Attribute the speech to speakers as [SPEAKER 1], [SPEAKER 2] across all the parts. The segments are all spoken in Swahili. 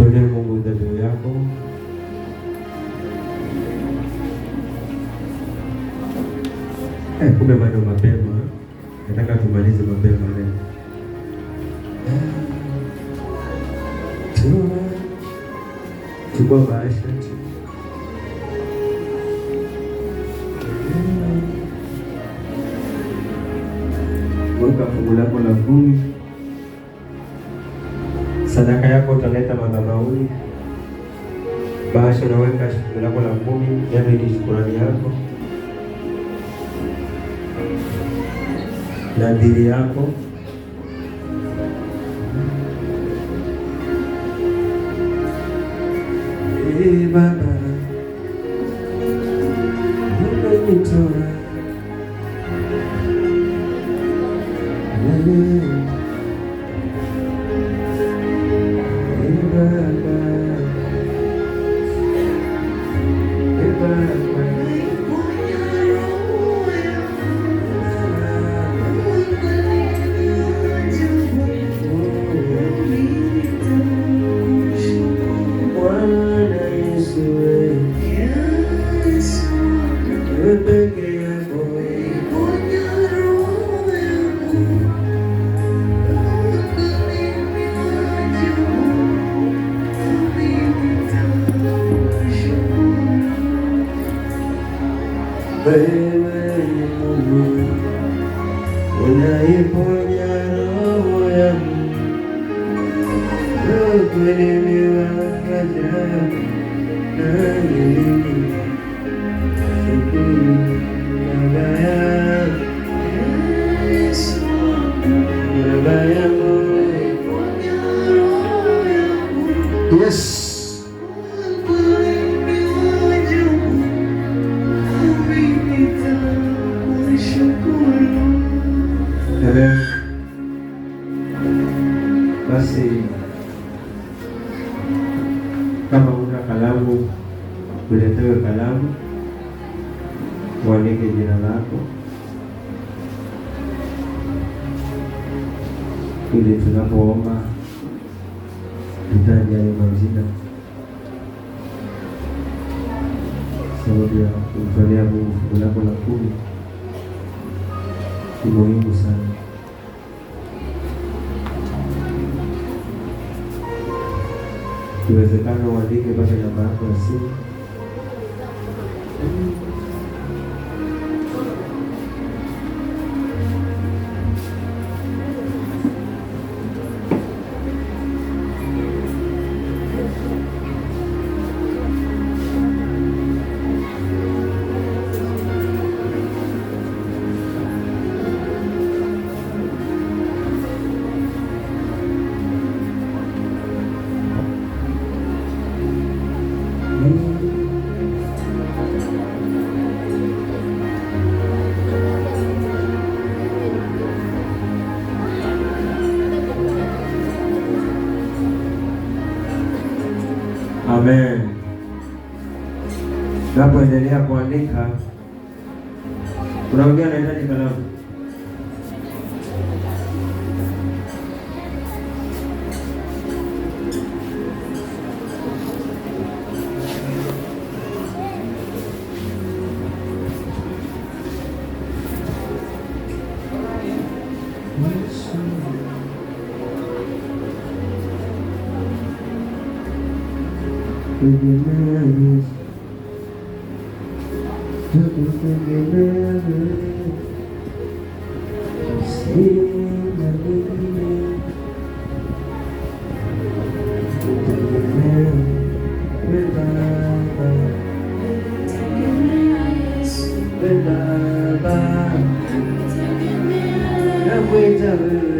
[SPEAKER 1] Mtolee Mungu dhabihu yako. Eh, kumbe bado mapema, nataka tumalize mapema. yako na bili yako ee Baba. endelevu. Basi kama una kalamu uletewe kalamu, uandike jina lako ili tunapoomba tutaje yale majina sababu ya kumtolea Mungu fungu lako la kumi ni muhimu sana. Deus é carnal ali, que vai ganhar unaendelea kuandika, kuna wengine wanahitaji kalamu. 规则。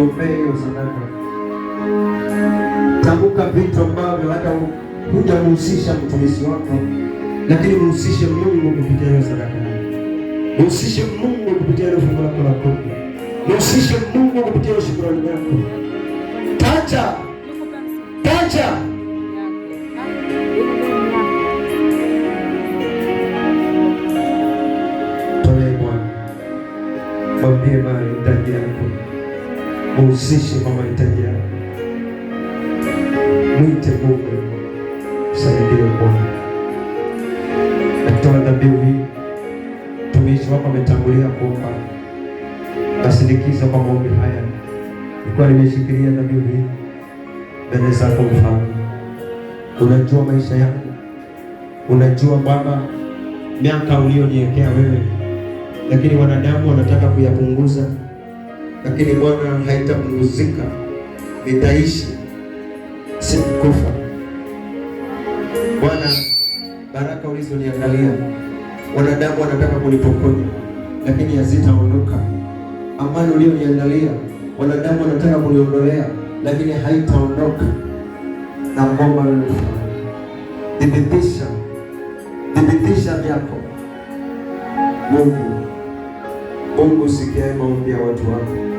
[SPEAKER 1] uiombee hiyo sadaka. Tambuka vitu ambavyo hata hujamhusisha mtumishi wako, lakini mhusishe Mungu kupitia hiyo sadaka. Mhusishe Mungu kupitia hiyo fungu lako la kumi. Mhusishe Mungu kupitia hiyo shukrani yako. Taja, taja Mwambie Bwana, nitajia Wahusishe kwa mahitaji yao, mwite Mungu, msaidie Bwana. Natoa dhabihu hii, mtumishi wako ametangulia kuomba, nasindikiza kwa maombi haya, nilikuwa nimeshikilia dhabihu hii mbele zako. Mfano, unajua maisha yangu, unajua Baba miaka ulioniwekea wewe, lakini wanadamu wanataka kuyapunguza lakini Bwana haitamguzika. Nitaishi, sikufa. Bwana, baraka ulizoniangalia wanadamu wanataka kunipokonya, lakini hazitaondoka. Amani ulioniandalia wanadamu wanataka kuniondolea, lakini haitaondoka. Na ngoma thibitisha, thibitisha vyako Mungu. Mungu, sikiae maombi ya watu wako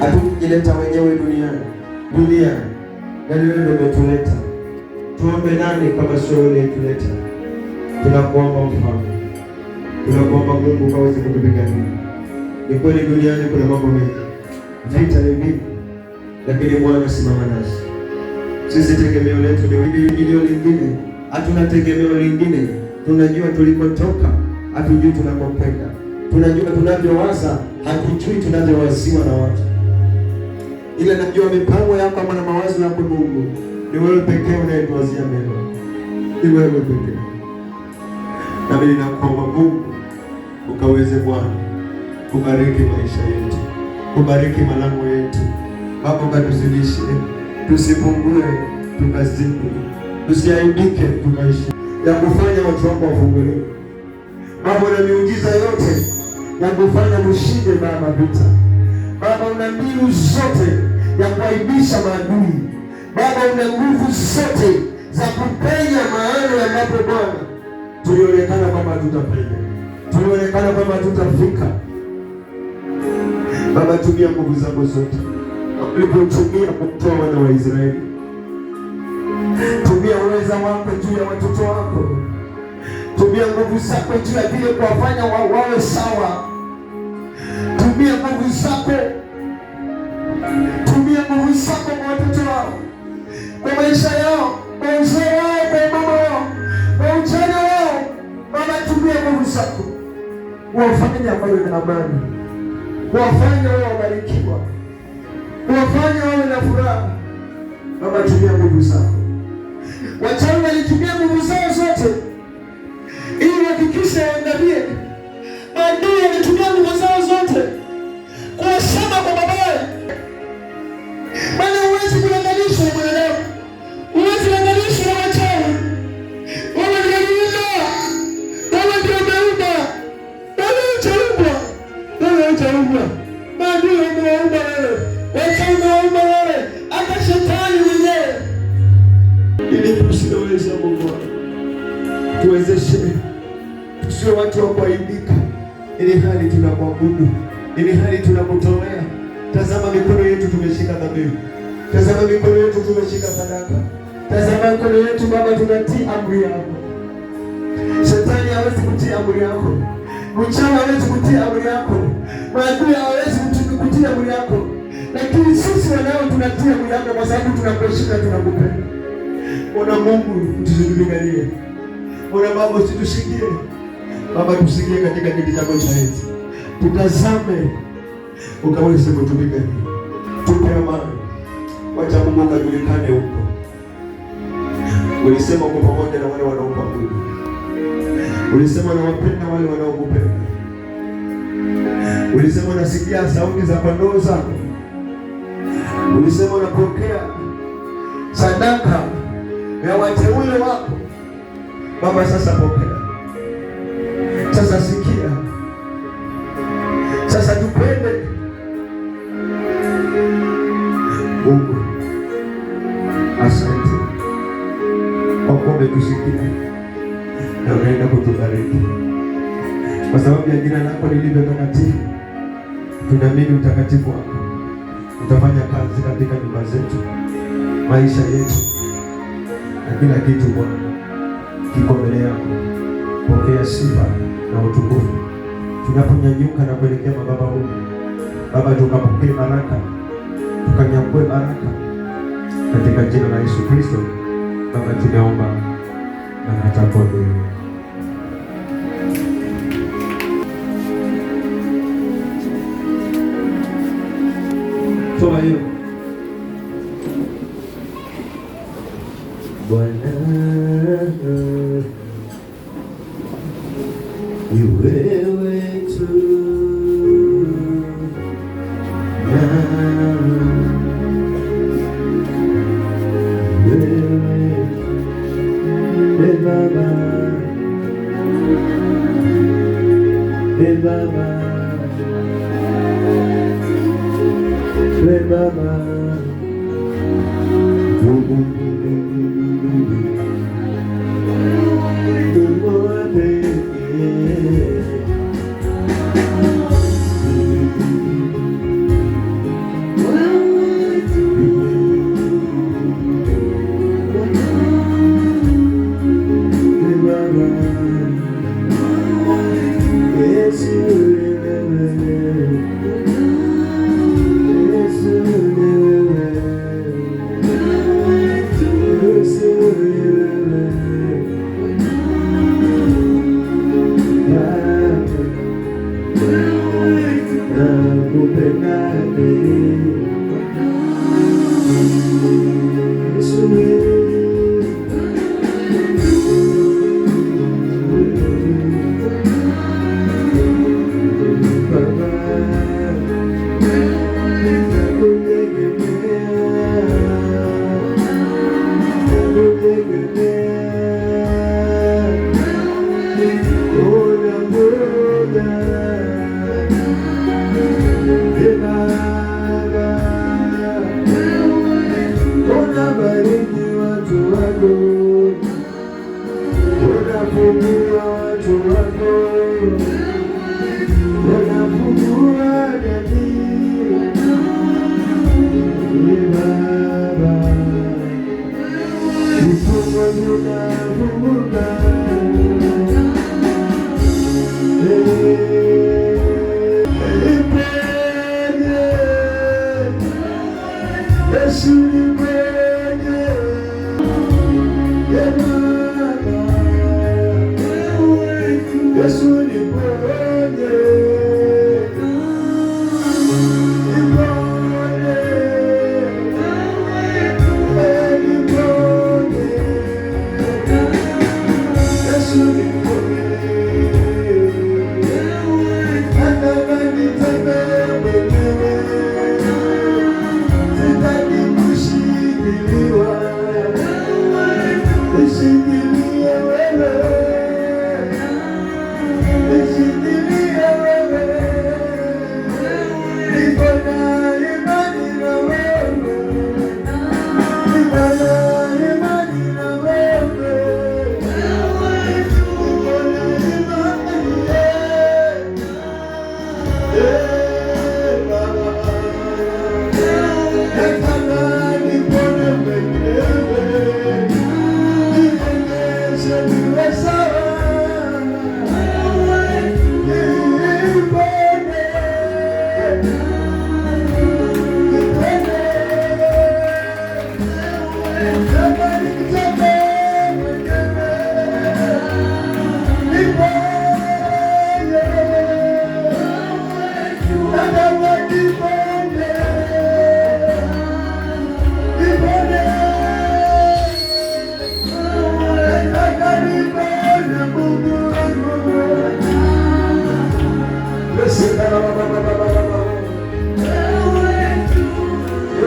[SPEAKER 1] hatukujileta wenyewe duniani duniani, na ni wewe umetuleta. Tuombe nani kama sio wewe uliyetuleta? Tunakuomba Mfalme, tunakuomba Mungu ukaweze kutupigania. Ni kweli duniani kuna mambo mengi, vita ni vingi, lakini Bwana simama nasi sisi. Tegemeo letu ni tegemeo lingine, hatuna tegemeo lingine. Tunajua tulikotoka, hatujui tunakokwenda. Tunajua tunavyowaza, hatujui tunavyowaziwa na watu ila najua mipango yako ama na mawazo yako Mungu ni wewe pekee unayetuwazia mema, ni wewe pekee. Nami ninakuomba Mungu ukaweze Bwana kubariki maisha yetu, kubariki malango yetu Baba, ukatuzidishe tusipungue, tukazidi, tusiaibike, tukaishi ya kufanya watu wako wafunguliwe, mambo na miujiza yote ya kufanya mshinde, Baba vita Baba, una mbinu zote ya kuaibisha maadui. Baba, una nguvu zote za kupenya mahali ambapo Bwana tulionekana kwamba tutapenya, tulionekana kwamba tutafika. Baba, tumia nguvu zako zote ulivyotumia kumtoa wana wa Israeli. Tumia uweza wako juu ya watoto wako, tumia nguvu zako juu ya vile kuwafanya wawe sawa Tumia nguvu zako, tumia nguvu zako kwa watoto wao, kwa maisha yao, kwa uzee wao, kwa mama wao, kwa ujana wao. Baba, tumia nguvu zako, wafanye wawe na amani, wafanye wao wabarikiwa, wafanye wawe na furaha. Baba, tumia nguvu zako. Wachawi walitumia nguvu zao zote kutolea. Tazama mikono yetu tumeshika dhabihu, tazama mikono yetu tumeshika sadaka, tazama mikono yetu Baba, tunatii amri yako. Shetani hawezi kutii amri yako, mchawi hawezi kutii amri yako, maadui hawezi kutii amri yako, lakini sisi wanao tunatii amri yako kwa sababu tunakushika, tunakupenda. Ona Mungu, tusizungulie Bwana Baba, usitushikie Baba, tusikie katika kiti chako cha enzi, tutazame ukaweze kutumika. Tupe amani, wacha Mungu ukajulikane huko. Ulisema uko pamoja na wale wanaokuabudu, ulisema nawapenda wale wanaokupenda, ulisema nasikia sauti za kondoo zako, ulisema napokea sadaka ya wateule wako. Baba, sasa pokea sasa Twende Mungu, asante kwa kuwa umetusikia na unaenda kutubariki kwa sababu ya jina lako lilivyo takatifu. Tunaamini utakatifu wako utafanya kazi katika nyumba zetu, maisha yetu na kila kitu. Bwana, kiko mbele yako, pokea sifa na utukufu tunaponyanyuka na kuelekea mababa huko, Baba tukapokee baraka, tukanyakue baraka katika jina la Yesu Kristo. Baba tunaomba na natakodu toa hiyo Les mamans, les mamans,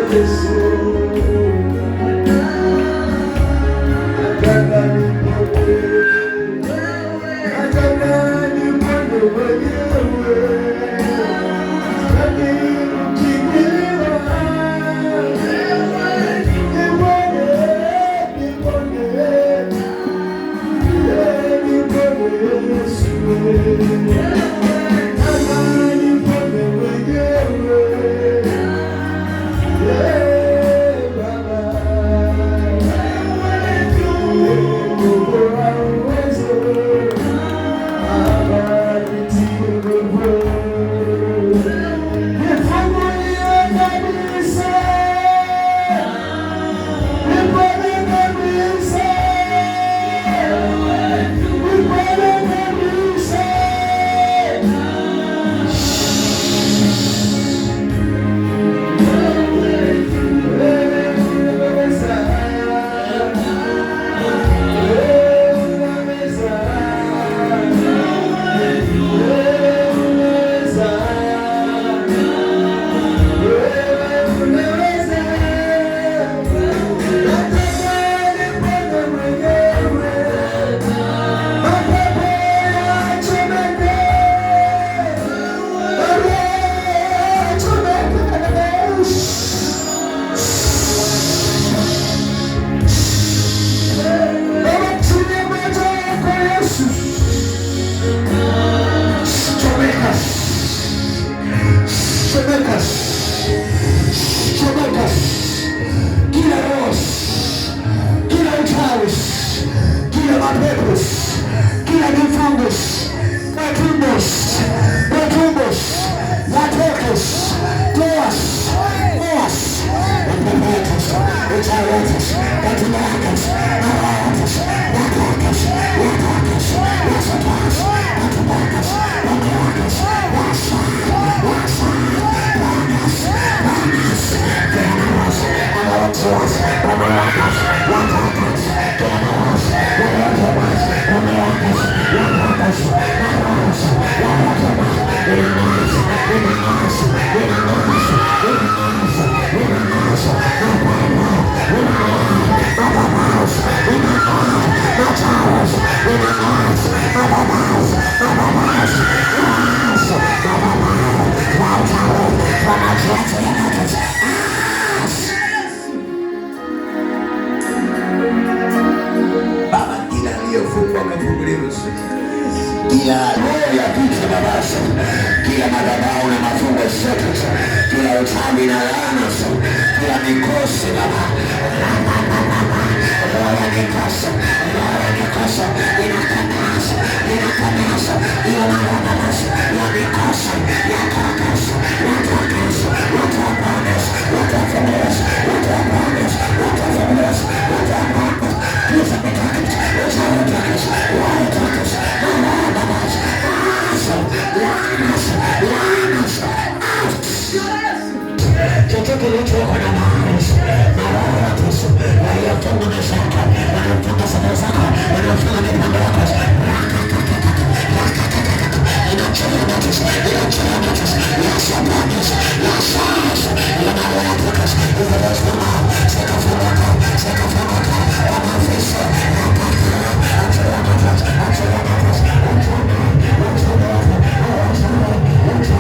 [SPEAKER 1] This. kuta Baba, kila madhabahu na mafungo zetu, kila utambi na laana, kila mikosi Baba inakanasa inakanasa inakanasa hiyo makanasa ya mikosi ya kanasa ya kanasa ya kanasa ya kanasa ya kanasa ya kanasa ya kanasa Yes, I'm a doctor. Yes, I'm a doctor. Why a doctor? I'm a doctor chochote kilichowekwa na maanisha na roho ya Yesu waliofunga maisha yako, waliofunga safari zako, waliofunga mipango yako, inachilia motisha, inachilia motisha, Yesu ameonyesha, Yesu ameonyesha, ina roho ya Yesu, ivelezwa nao, sikafunguka, sikafunguka, wamafisha, wapakira, achilia motisha, achilia motisha, Thank you.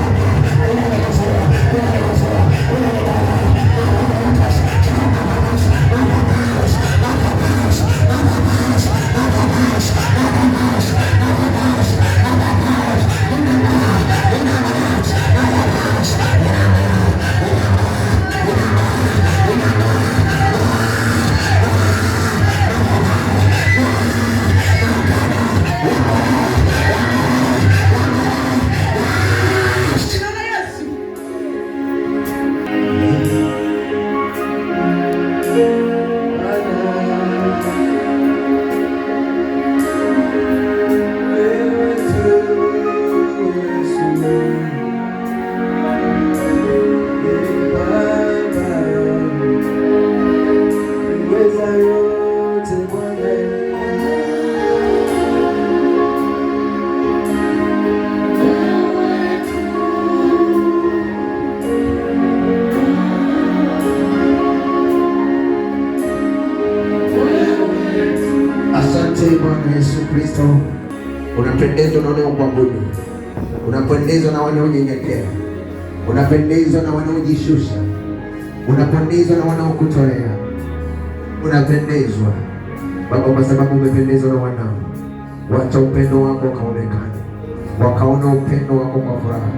[SPEAKER 1] Asante Bwana Yesu Kristo, unapendezwa na wanaokuabudu, unapendezwa na wanaonyenyekea, unapendezwa na wanaojishusha, unapendezwa na wanaokutolea, unapendezwa Baba, kwa sababu umependezwa na wanao. Wacha upendo wako ukaonekane, wakaona upendo wako kwa furaha,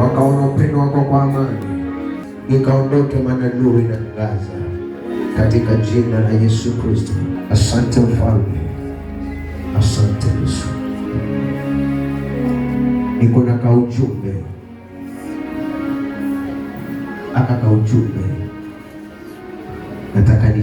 [SPEAKER 1] wakaona upendo wako kwa amani, ikaondoke, maana nuru inaangaza katika jina la Yesu Kristo. Asante mfalme, asante Yesu. Niko na kaujumbe, ana kaujumbe nataka